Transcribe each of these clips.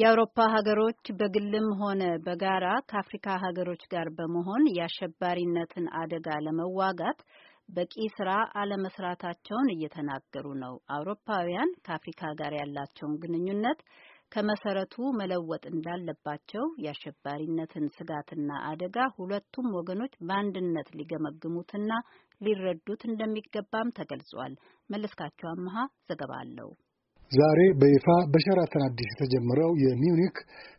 የአውሮፓ ሀገሮች በግልም ሆነ በጋራ ከአፍሪካ ሀገሮች ጋር በመሆን የአሸባሪነትን አደጋ ለመዋጋት በቂ ስራ አለመስራታቸውን እየተናገሩ ነው። አውሮፓውያን ከአፍሪካ ጋር ያላቸውን ግንኙነት ከመሰረቱ መለወጥ እንዳለባቸው የአሸባሪነትን ስጋትና አደጋ ሁለቱም ወገኖች በአንድነት ሊገመግሙትና ሊረዱት እንደሚገባም ተገልጿል። መለስካቸው አመሃ ዘገባ አለው። ዛሬ በይፋ በሸራተን አዲስ የተጀመረው የሚውኒክ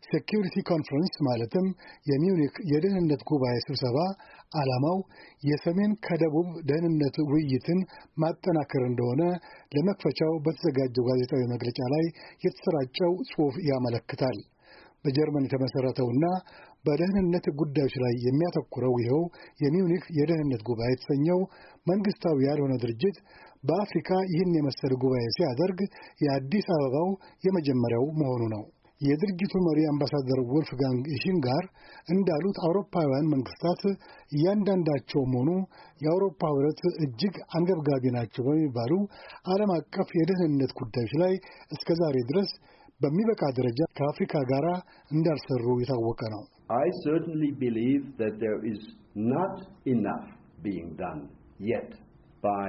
ሴኪዩሪቲ ኮንፈረንስ ማለትም የሚዩኒክ የደህንነት ጉባኤ ስብሰባ ዓላማው የሰሜን ከደቡብ ደህንነት ውይይትን ማጠናከር እንደሆነ ለመክፈቻው በተዘጋጀው ጋዜጣዊ መግለጫ ላይ የተሰራጨው ጽሑፍ ያመለክታል። በጀርመን የተመሠረተውና በደህንነት ጉዳዮች ላይ የሚያተኩረው ይኸው የሚዩኒክ የደህንነት ጉባኤ የተሰኘው መንግሥታዊ ያልሆነ ድርጅት በአፍሪካ ይህን የመሰለ ጉባኤ ሲያደርግ የአዲስ አበባው የመጀመሪያው መሆኑ ነው። የድርጅቱ መሪ አምባሳደር ወልፍጋንግ ሽንጋር እንዳሉት አውሮፓውያን መንግስታት እያንዳንዳቸውም ሆኑ የአውሮፓ ህብረት እጅግ አንገብጋቢ ናቸው በሚባሉ ዓለም አቀፍ የደህንነት ጉዳዮች ላይ እስከ ዛሬ ድረስ በሚበቃ ደረጃ ከአፍሪካ ጋር እንዳልሰሩ የታወቀ ነው። I certainly believe that there is not enough being done yet by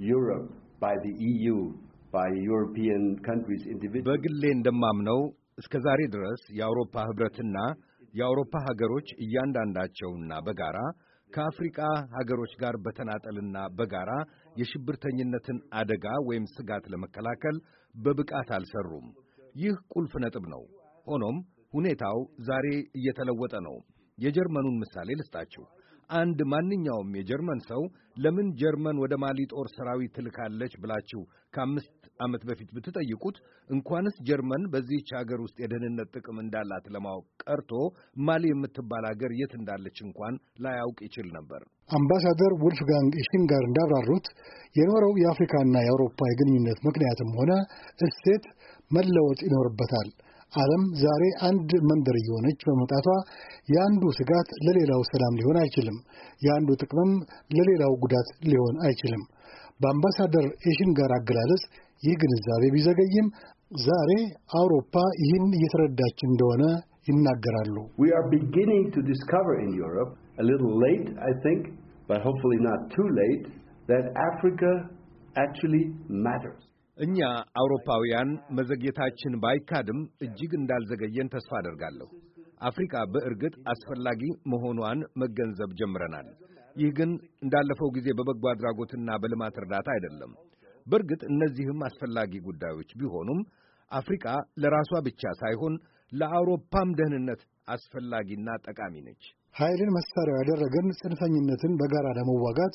Europe by the EU by European countries individually በግሌ እንደማምነው እስከ ዛሬ ድረስ የአውሮፓ ህብረትና የአውሮፓ ሀገሮች እያንዳንዳቸውና በጋራ ከአፍሪቃ ሀገሮች ጋር በተናጠልና በጋራ የሽብርተኝነትን አደጋ ወይም ስጋት ለመከላከል በብቃት አልሰሩም። ይህ ቁልፍ ነጥብ ነው። ሆኖም ሁኔታው ዛሬ እየተለወጠ ነው። የጀርመኑን ምሳሌ ልስጣችሁ። አንድ ማንኛውም የጀርመን ሰው ለምን ጀርመን ወደ ማሊ ጦር ሰራዊት ትልካለች ብላችሁ ከአምስት ዓመት በፊት ብትጠይቁት እንኳንስ ጀርመን በዚህች አገር ውስጥ የደህንነት ጥቅም እንዳላት ለማወቅ ቀርቶ ማሊ የምትባል አገር የት እንዳለች እንኳን ላያውቅ ይችል ነበር። አምባሳደር ውልፍጋንግ ኢሽንጋር እንዳብራሩት የኖረው የአፍሪካና የአውሮፓ የግንኙነት ምክንያትም ሆነ እሴት መለወጥ ይኖርበታል። ዓለም ዛሬ አንድ መንደር እየሆነች በመውጣቷ የአንዱ ስጋት ለሌላው ሰላም ሊሆን አይችልም፣ የአንዱ ጥቅምም ለሌላው ጉዳት ሊሆን አይችልም። በአምባሳደር የሽንጋር አገላለጽ ይህ ግንዛቤ ቢዘገይም ዛሬ አውሮፓ ይህን እየተረዳች እንደሆነ ይናገራሉ። አፍሪካ እኛ አውሮፓውያን መዘግየታችን ባይካድም እጅግ እንዳልዘገየን ተስፋ አደርጋለሁ። አፍሪካ በእርግጥ አስፈላጊ መሆኗን መገንዘብ ጀምረናል። ይህ ግን እንዳለፈው ጊዜ በበጎ አድራጎትና በልማት እርዳታ አይደለም። በእርግጥ እነዚህም አስፈላጊ ጉዳዮች ቢሆኑም አፍሪካ ለራሷ ብቻ ሳይሆን ለአውሮፓም ደህንነት አስፈላጊና ጠቃሚ ነች። ኃይልን መሳሪያ ያደረገን ጽንፈኝነትን በጋራ ለመዋጋት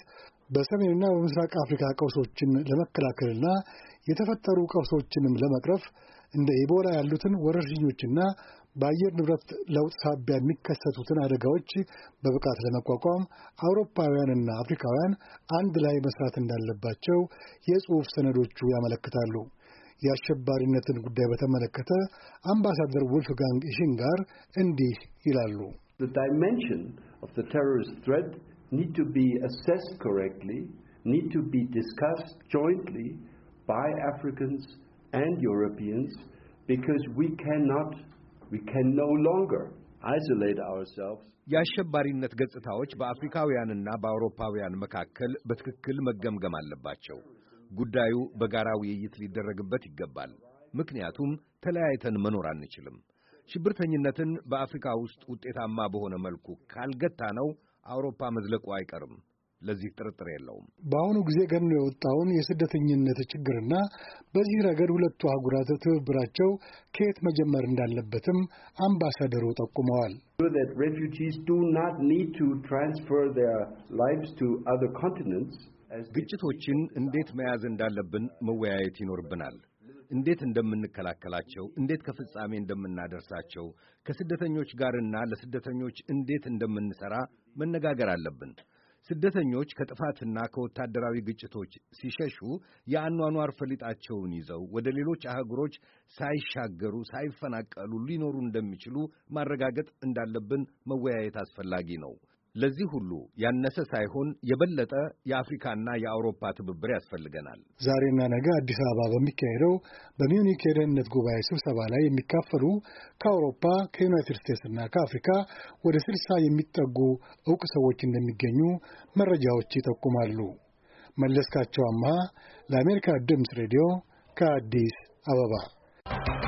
በሰሜንና በምስራቅ አፍሪካ ቀውሶችን ለመከላከልና የተፈጠሩ ቀውሶችንም ለመቅረፍ እንደ ኢቦላ ያሉትን ወረርሽኞችና በአየር ንብረት ለውጥ ሳቢያ የሚከሰቱትን አደጋዎች በብቃት ለመቋቋም አውሮፓውያንና አፍሪካውያን አንድ ላይ መስራት እንዳለባቸው የጽሑፍ ሰነዶቹ ያመለክታሉ። የአሸባሪነትን ጉዳይ በተመለከተ አምባሳደር ውልፍጋንግ ጋር እንዲህ ይላሉ። ዳይሜንሽን by Africans and Europeans because we cannot we can no longer isolate ourselves የአሸባሪነት ገጽታዎች በአፍሪካውያንና በአውሮፓውያን መካከል በትክክል መገምገም አለባቸው። ጉዳዩ በጋራ ውይይት ሊደረግበት ይገባል። ምክንያቱም ተለያይተን መኖር አንችልም። ሽብርተኝነትን በአፍሪካ ውስጥ ውጤታማ በሆነ መልኩ ካልገታ ነው አውሮፓ መዝለቁ አይቀርም። ለዚህ ጥርጥር የለውም። በአሁኑ ጊዜ ገኖ የወጣውን የስደተኝነት ችግርና በዚህ ረገድ ሁለቱ አህጉራት ትብብራቸው ከየት መጀመር እንዳለበትም አምባሳደሩ ጠቁመዋል። ግጭቶችን እንዴት መያዝ እንዳለብን መወያየት ይኖርብናል። እንዴት እንደምንከላከላቸው፣ እንዴት ከፍጻሜ እንደምናደርሳቸው፣ ከስደተኞች ጋርና ለስደተኞች እንዴት እንደምንሰራ መነጋገር አለብን። ስደተኞች ከጥፋትና ከወታደራዊ ግጭቶች ሲሸሹ የአኗኗር ፈሊጣቸውን ይዘው ወደ ሌሎች አህጉሮች ሳይሻገሩ ሳይፈናቀሉ ሊኖሩ እንደሚችሉ ማረጋገጥ እንዳለብን መወያየት አስፈላጊ ነው። ለዚህ ሁሉ ያነሰ ሳይሆን የበለጠ የአፍሪካና የአውሮፓ ትብብር ያስፈልገናል። ዛሬና ነገ አዲስ አበባ በሚካሄደው በሚዩኒክ የደህንነት ጉባኤ ስብሰባ ላይ የሚካፈሉ ከአውሮፓ ከዩናይትድ ስቴትስና ከአፍሪካ ወደ ስልሳ የሚጠጉ እውቅ ሰዎች እንደሚገኙ መረጃዎች ይጠቁማሉ። መለስካቸው አምሃ ለአሜሪካ ድምፅ ሬዲዮ ከአዲስ አበባ